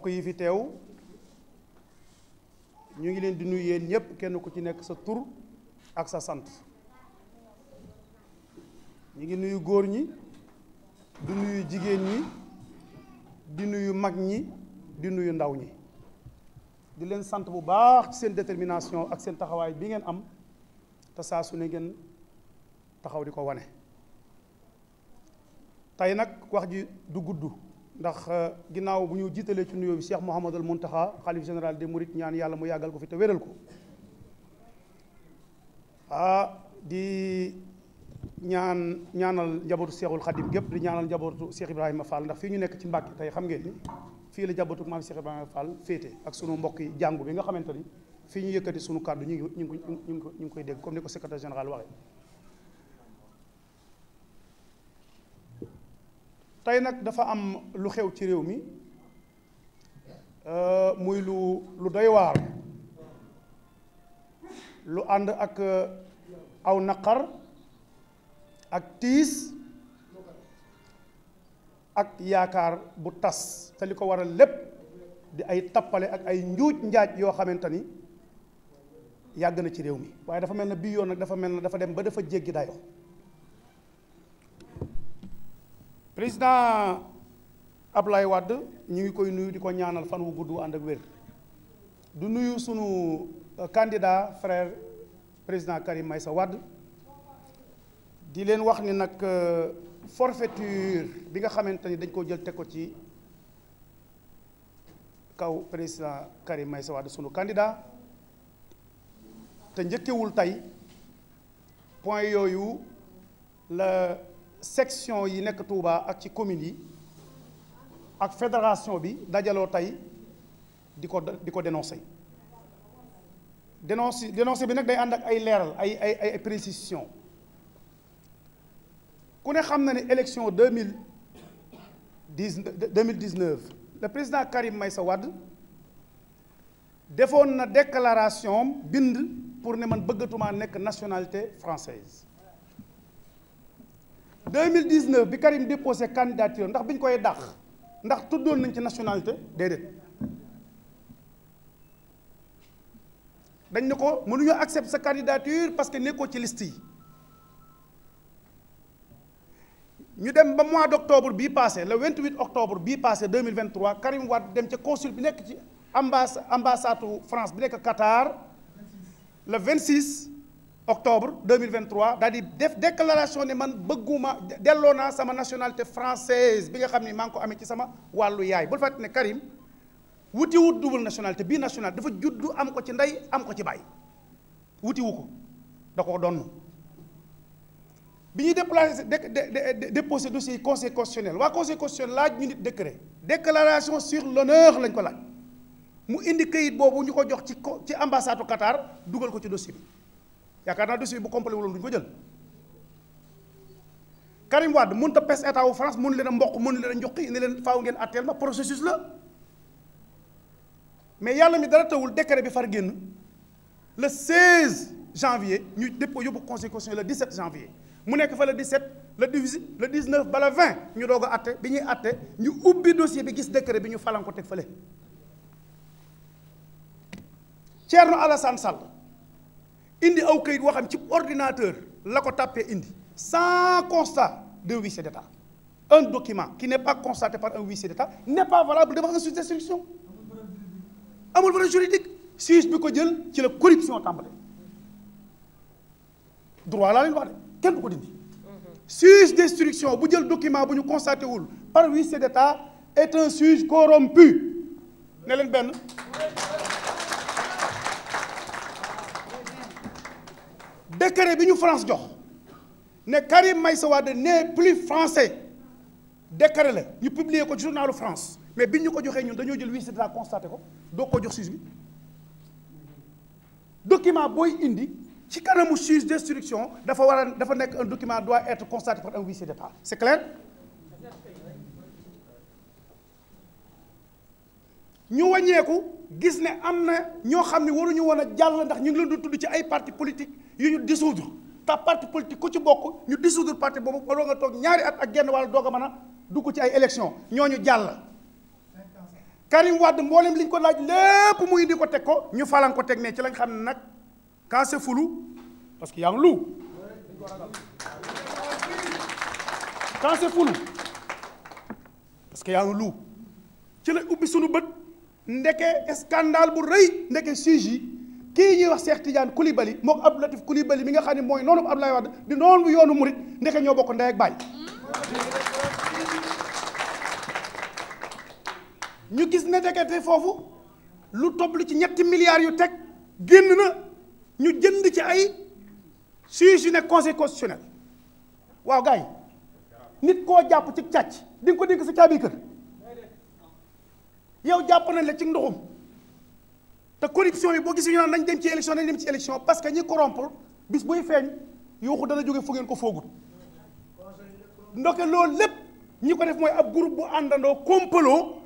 mbokk yi fi teew ñu ngi leen di nuyu yéen ñëpp kenn ku ci nekk sa tur ak sa sant ñu ngi nuyu góor ñi di nuyu jigéen ñi di nuyu mag ñi di nuyu ndaw ñi di leen sant bu baax ci seen détermination ak seen taxawaay bi ngeen am te saa su ne ngeen taxaw di ko wane tey nag wax ji du gudd ndax euh, ginnaaw bu ñu jiitalee ci nuyoo bi Cheikh Mouhamadul Mountakha xalif général de Mourides ñaan yàlla mu yàggal ko fi te wéral ko ah di ñaan ñaanal njabootu Cheikhul Khadim gépp di ñaanal njabootu Cheikh Ibrahima Fall ndax fii ñu nekk ci Mbàkke tey xam ngeen ni fii la njabootu maam Cheikh Ibrahima Fall féete ak sunu mbokk yi jàngu bi nga xamante ni fii ñu yëkkati sunu kàddu ñu ngi ñu ngi ko ñu ngi koy dégg comme ni ko secrétaire général waxee. tey nag dafa am lu xew ci réew mi euh, muy lu lu doy waar lu ànd ak euh, aw naqar ak tiis ak yaakaar bu tas te li ko waral lépp di ay tappale ak ay njuuj njaaj yoo xamante ni yàgg na ci réew mi waaye dafa mel na bii yoon nag dafa mel na dafa dem ba dafa jéggi dayo président Ablaye Wade ñu ngi koy nuyu di ko ñaanal fan wu gudd wa ànd ak wér du nuyu sunu euh, candidat frère président Karim Meïssa Wade di leen wax ni nag euh, forfaiture bi nga xamante ni dañ ko jël teg ko ci kaw président Karim Meïssa wadd sunu candidat te njëkkewul tey point yooyu la section yi nekk Touba ak ci communes yi ak fédération bi dajaloo tey di ko di ko dénoncé dénoncé dénoncé bi nag day ànd ak ay leeral ay ay ay précision ku ne xam na ne élection deux mille dix deux mille dix neuf le président Karim Meïssa Wade defoon na déclaration bind pour ne man bëggatuma nekk nationalité française 2019 bi Karim déposé candidature ndax biñ koy dàq ndax tuddoon nañ ci nationalité déedéet dañ ne ko mënuñu accepter sa candidature parce que nekkoo ci liste yi ñu dem ba mois d' octobre bii passé le 28 octobre bii passé 2023 Karim Wade dem ca consul bi nekk ci ambassade ambassade France bi nekk Qatar le 26. octobre 2023 daal di def déclaration ne man bëgguma delloo naa sama nationalité française bi nga xam ni maa ngi ko amee ci sama wàllu yaay bul fàtte ne Karim wuti wut double nationalité bii national dafa juddu am ko ci ndey am ko ci baay wutiwu ko da ko donn bi ñuy déplacé déposé dossier conseil constitutionnel waa conseil constitutionnel laaj ñu nit décret déclaration sur l'honneur lañ ko la mu indi kayit boobu ñu ko jox ci ci ambassade Qatar dugal ko ci dossier yaakaar naa dossier bu complet wuloon duñu ko jël Karim Wade mun ta pes état wu France mënu leen a mboq mënu leen a njuqi ni leen faw ngeen atteel ma processus la mais yàlla mi dara tawul décret bi far génn le 16 janvier ñu dépp yóbbu conseil constitutionnel le 17 janvier mu nekk fa le 17 le 18 le 19 ba le 20 ñu doog a bi ñuy atte ñu ubbi dossier bi gis décret bi ñu falan ko teg fële Thierno Alassane Sall indi aw kayit waxam ci ordinateur la ko tàppee indi sans constat de huissier d'état un document ki n'est pas constaté par un huissier d'état n'est pas valable devant un juge d'instruction amul valeur juridique juge bi ko jël ci la corruption tàmbale droit laa leen wax de kenn du ko dindi juge d'instruction bu jël document bu ñu constaté wul par huissier d'état est un juge corrompu ne leen benn décret bi ñu France jox ne Karim Meïssa Wade n'est plus français décret la ñu publier ko journalu France mais bi ñu ko joxee ñun dañoo jël huissier de la constaté ko doo ko jox juge bi document booy indi ci kanamu juge d'instruction dafa war a dafa nekk un document doit être constaté par un huissier de part c'est clair ñu wàññeeku gis ne am na ñoo xam ne waruñu woon a jàll ndax ñu ngi leen du tudd ci ay parti politique yu ñu dissoudre ta parti politique ko ci bokk ñu dissoudre parti boobu ba nga toog ñaari at ak genn wàll doog a mën a dugg ci ay élection ñu jàll Karim Wade mboolem li ñu ko laaj lépp mu indi ko teg ko ñu falan ko teg ne ci lañ xam ne nag quand fulu parce que yaa ngi lu quand que yaa ngi lu ci la ubbi suñu bët ndeke scandale bu rëy ndeke sujet yi kii ñuy wax seex Tidiane Koulibaly moo ko Abdou Latif Koulibaly mi nga xam ne mooy noonu Abdoulaye Wade di noonu yoonu murit ndeke ñoo bokk ndey ak baay ñu gis ne ndekete foofu lu toblu ci ñetti milliards yu teg génn na ñu jënd ci ay juge yu nekk conseil constitutionnel waaw gars nit koo jàpp ci càcc di ko dénk sa caabi kër yow jàpp nañ la ci ndoxum te corruption yi boo gis ñu naan nañ dem ci élection nañ dem ci élection parce que ñi corrompre bis buy feeñ yooxu dana jóge fu ngeen ko foogut ndoke loolu lépp ñi ko def mooy ab groupe bu àndandoo complot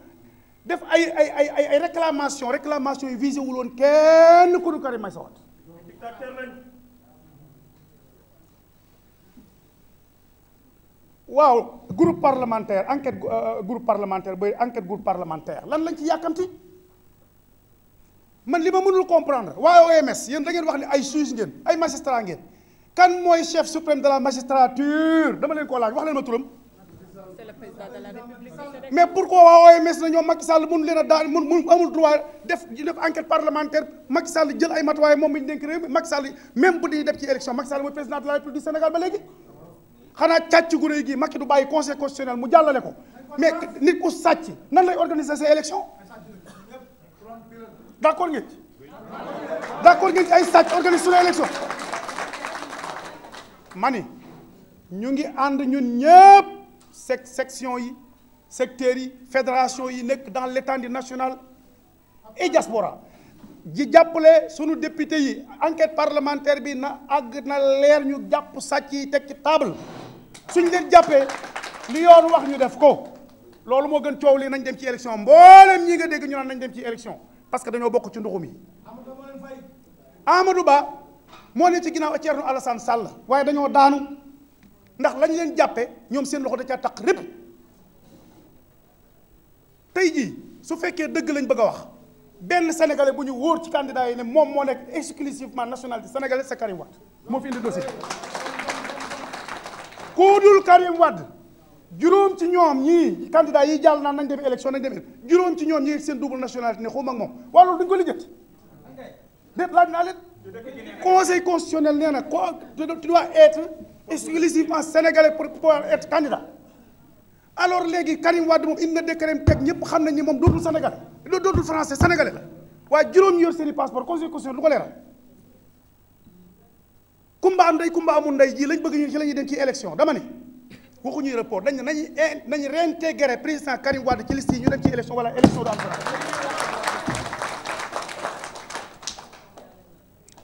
def ay ay ay ay ay réclamation réclamation yi visé wuloon kenn ku du Karim Meïssa Wade waaw groupe parlementaire enquête euh, groupe parlementaire ba enquête groupe parlementaire lan lañ ci yàkkamti man li ma mënul comprendre waa OMS yéen da ngeen wax ne ay juge ngeen ay magistrat ngeen kan mooy chef suprême de la magistrature dama leen koo laaj wax leen ma turam. c'est le président de la République. mais pourquoi waa OMS na ñoom Macky Sall leen a daan mun mun amul droit def di def enquête parlementaire Macky Sall jël ay matuwaay moom mi ñu dénk réew mi Macky Sall même bu ñuy def ci élection Macky Sall mooy président de la République du Sénégal ba léegi. xanaa càcc gu rëy gii Macky du bàyyi mu jàllale ko mais nit ku sàcc nan lay organiser ces élections. d' accord ngeen ay sàcc organise suñu élection ñu ngi ànd ñun ñëpp sec section yi secteurs yi fédération yi nekk dans l' étendue nationale et diaspora ji jàppale sunu député yi enquête parlementaire bi na àgg na leer ñu jàpp sàcc yi teg ci table suñ leen jàppee li yoon wax ñu def ko loolu moo gën coow li nañ dem ci élection mboolem ñi nga dégg ñu naan nañ dem ci élection parce que dañoo bokk ci nduxum yi Amadou Ba moo ne ci ginnaaw Thierno Alassane Sall waaye dañoo daanu ndax lañu leen jàppe ñoom seen loxo da caa taq rëpp tey jii su fekkee dëgg lañ bëgg a wax benn sénégalais bu ñu wóor ci candidat yi ne moom moo nekk exclusivement nationalité sénégalais c'est Karim Wade moo fi indi dossier ku Karim Wade juróom ci ñoom ñii candidat yi jàll naan nañ dem élection nañ dem juróom ci ñoom ñii seen double nationalité ne xuma ak moom waaw loolu duñ ko lijjati déet laaj naa leen conseil constitutionnel nee na ko tu dois être exclusivement sénégalais pour pouvoir être candidat alors léegi Karim Wade moom indi na décret teg ñëpp xam nañ ni moom dootul sénégalais dootul français sénégalais la waaye juróom ñu yor seeni i passeport conseil constitutionnel du ko leeral kumba am ndey kumba amul ndey jii lañ ñu ci ci élection dama ne waxuñuy report dañ nañ nañu nañu réintégrer président Karim Wade ci liste yi ñu dem ci élection wala élection du am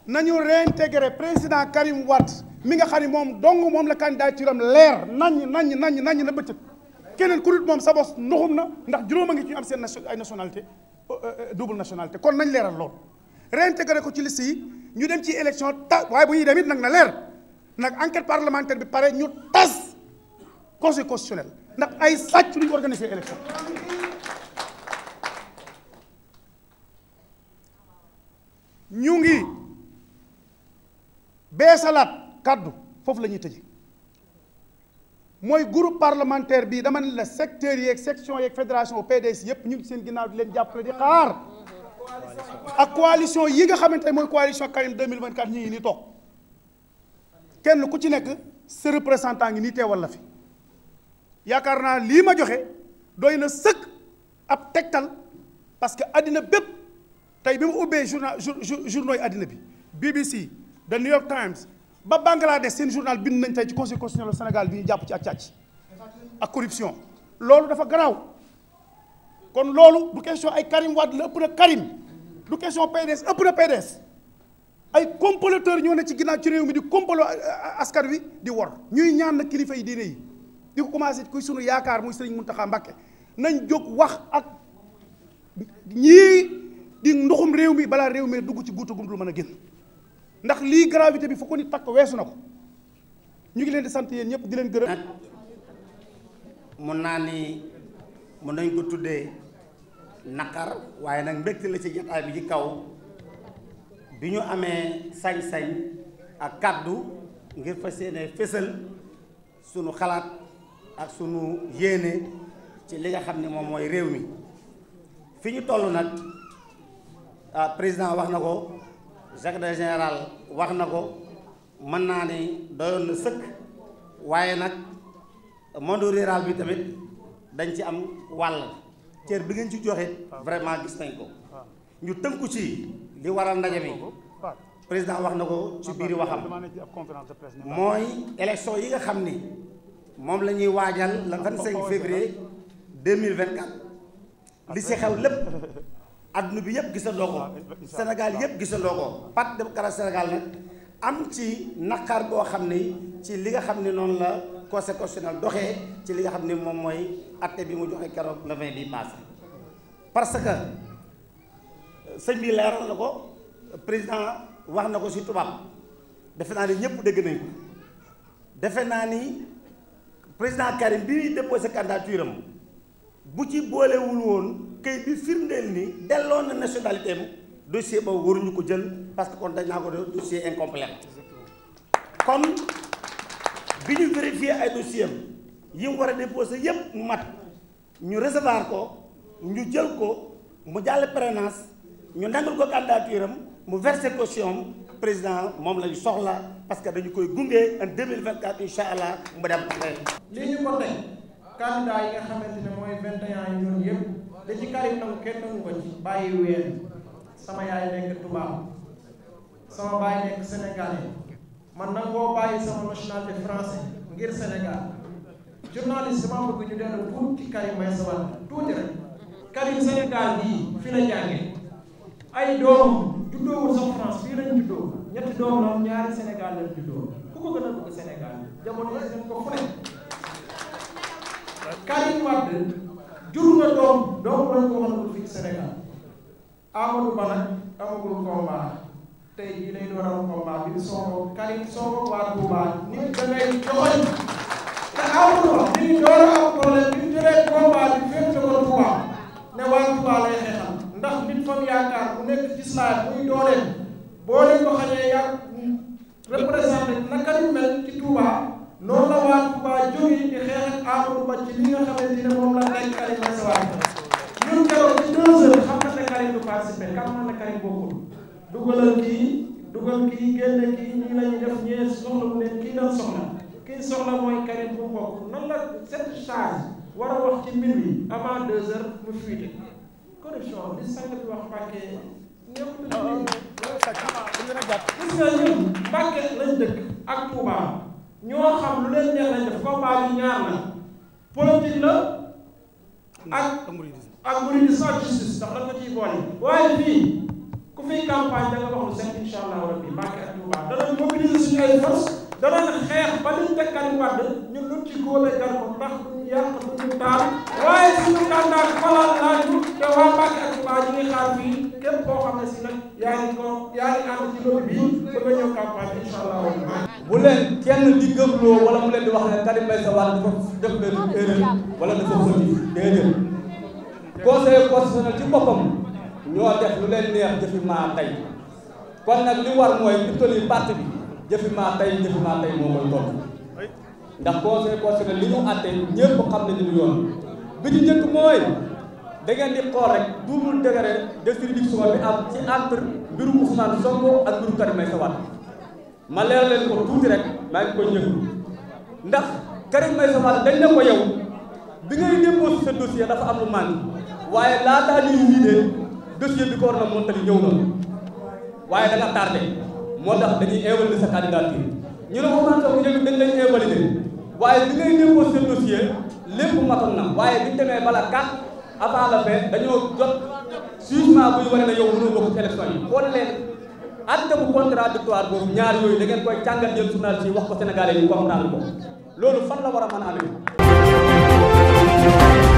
nañu réintégrer président Karim Wade mi nga xam ne moom dong moom la candidature am leer nañ nañ nañ nañ na bëccëg keneen ku dul moom sa bos ndoxum na ndax juróom a ngi ci am seen ay nationalité euh, euh, euh, double nationalité kon nañ leeral lool réintégré ko ci liste yi ñu dem ci élection ta waaye bu ñuy dem it nag na leer nag enquête parlementaire bi pare ñu tas conseil constitutionnel ndax ay sàcc lu ñu organisé élection ñu ngi beesalaat kàddu foofu la ñuy tëje mooy groupe parlementaire bi dama ne la secteur yeeg section yeeg fédération PDS yëpp ñu ngi seen ginnaaw leen jàppale di xaar ak coalition yi nga xamante ne mooy coalition Karim 2024 ñu ngi nii toog kenn ku ci nekk sa représentant ngi nii teewal la fi yaakaar naa lii ma joxe doy na sëkk ab tegtal parce que àddina bépp tey bi mu ubbee journal journaux yi àddina bi BBC The New York Times ba Bangladesh seen journal bind nañ tey ci conseil constitutionnel Sénégal bi ñu jàpp ci ak càcc ak corruption loolu dafa garaaw kon loolu du question ay Karim Wade la ëpp na Karim du question PDS ëpp na PDS ay comploteurs ñoo ne ci ginnaaw ci réew mi di complot askan wi di wor ñuy ñaan na kilifa yi diine yi di ko commencé kuy sunu yaakaar muy sëriñ Mountakha Mbacké nañ jóg wax ak ñii di ndoxum réew mi balaa réew mi dugg ci guuta gum lu mën a génn ndax lii gravité bi fu ko ni takk weesu na ko ñu ngi leen di sant yéen ñëpp di leen gërëm. mun naa ni mun nañ ko tuddee naqar waaye nag mbégte la ci jotaay bi ci kaw bi ñu amee sañ-sañ ak kàddu ngir fas yéene fésal sunu xalaat. ak sunu yéene ci li nga xam ne moom mooy réew mi fi ñu toll nag ah, président wax na ko secrétaire général wax na ko mën naa ni doyoon na sëkk waaye nag monde rural bi tamit dañ ci am wàll cër bi ngeen ci joxe vraiment gis nañ ko ñu tënku ci li waral ndaje mi président wax na ko ci biir waxam mooy élection yi nga xam ni moom la ñuy waajal le vingt cinq deux mille vingt quatre li si xew lépp adduna bi yëpp gisandoo ko Sénégal yëpp gisandoo ko parti démocratique Sénégal nag am ci naqar boo xam ni ci li nga xam ne noonu la conseil constitutionnel ci li nga xam ne moom mooy atte bi mu joxe keroog le vingt bi passé parce que sëñ bi leeral na ko président wax na ko si tubaab defe naa ni ñëpp dégg nañ defe naa ni. président Karim bi muy déposé candidature bu ci boolewul woon kayit bi firndeel ni delloo na nationalité am dossier boobu ñu ko jël parce que kon dañ naa ko dossier incomplet kon bi ñu vérifié ay dossier yi mu war a déposé yépp mu mat ñu recevoir ko ñu jël ko mu jàll prénance ñu nangal ko candidature mu versé caution président moom lañu soxla parce que dañu koy gunge en 2024 incha allah mu dem lii ñu ko tey candidat yi nga xamante ne mooy 21 yi ñun yëpp da ci Karim nangu kenn nangu ko ci bàyyi ween sama yaay nekk tubaab sama baay nekk sénégalais man nangoo bàyyi sama nationalité français ngir Sénégal journaliste dama bëgg ñu dellu tuuti Karim may sawal tuuti Karim Sénégal bii fi la jàngee ay doom juddoowul sax France fii lañ juddoo ñetti doom la ñaari Sénégal lañ juddoo ku ko gën a bëgg Sénégal jamono yi dañ ko fële. Karim Wade jur na doom doom lañ ko mënul fii Sénégal Amadou Ba nag amagul combat tey jii lay door am combat bi soo ko Karim soo ko waa Touba nit da ngay joxoñ te Amadou Ba mi ngi door a am problème bi mu jëlee combat bi fépp ko Touba ne waa Touba lay xeexal ndax nit fa mu yaakaar bu nekk ci page war a wax ci mbir mi avant deux heures mu fuite corruption li sang bi wax Mbàkke ñëpp dañu ah, ah, ah, gis nga ñun Mbàkke lañ dëkk ak Touba ñoo xam lu leen neex lañ def combat bi ñaar la politique la ak ak mouridisme ak justice ndax dañ ko ciy boole waaye fii ku fiy campagne da nga wax lu set incha allah rabbi Mbàkke ak Touba danañ mobiliser suñu ay force danañ xeex ba liñ teg Karim Wade ñun luñ ci góole gan ko ndax duñu yàq duñu taal waaye suñu kàndaat falaat laaju te waa Mbacke koo xam ne si nag yaa ngi ko yaa ngi ànd ci loolu bii ba nga ñëw campagne incha allah bu leen kenn di gëmloo wala mu leen di wax ne Karim Meïssa Wade dafa def leen erreur wala dafa fëti déedéet conseil constitutionnel ci boppam ñoo def lu leen neex jëfi maa tey kon nag li war mooy ci toli parti bi jëfi maa tey jëfi maa tey moo koy topp ndax conseil constitutionnel li ñu àtte ñëpp xam nañu lu yoon bi ñu njëkk mooy da ngeen di xool rek double degré de juridiction bi am ci entre mbirum Ousmane Sonko ak mbirum Karim Meïssa Wade ma leer leen ko tuuti rek maa ngi koy ndax Karim Meïssa Wade dañ ne ko yow bi ngay déposé sa dossier dafa am lu manqué waaye laataa ñuy wiidee dossier bi ko war na montali ñëw na waaye da nga tardé. moo tax dañuy invalider sa candidature ñu ne Ousmane Sonko ñëw dañ lay invalider waaye bi ngay déposé dossier lépp matoon na waaye bi ñu demee bala quatre avant la fin dañoo jot jugement buy wane ne yow mënoo bokk ci élection yi xool leen acte bu contradictoire boobu ñaar yooyu da koy jàngat yéen journaliste yi wax ko Sénégalais yi comprendre ko loolu fan la war a mën a amee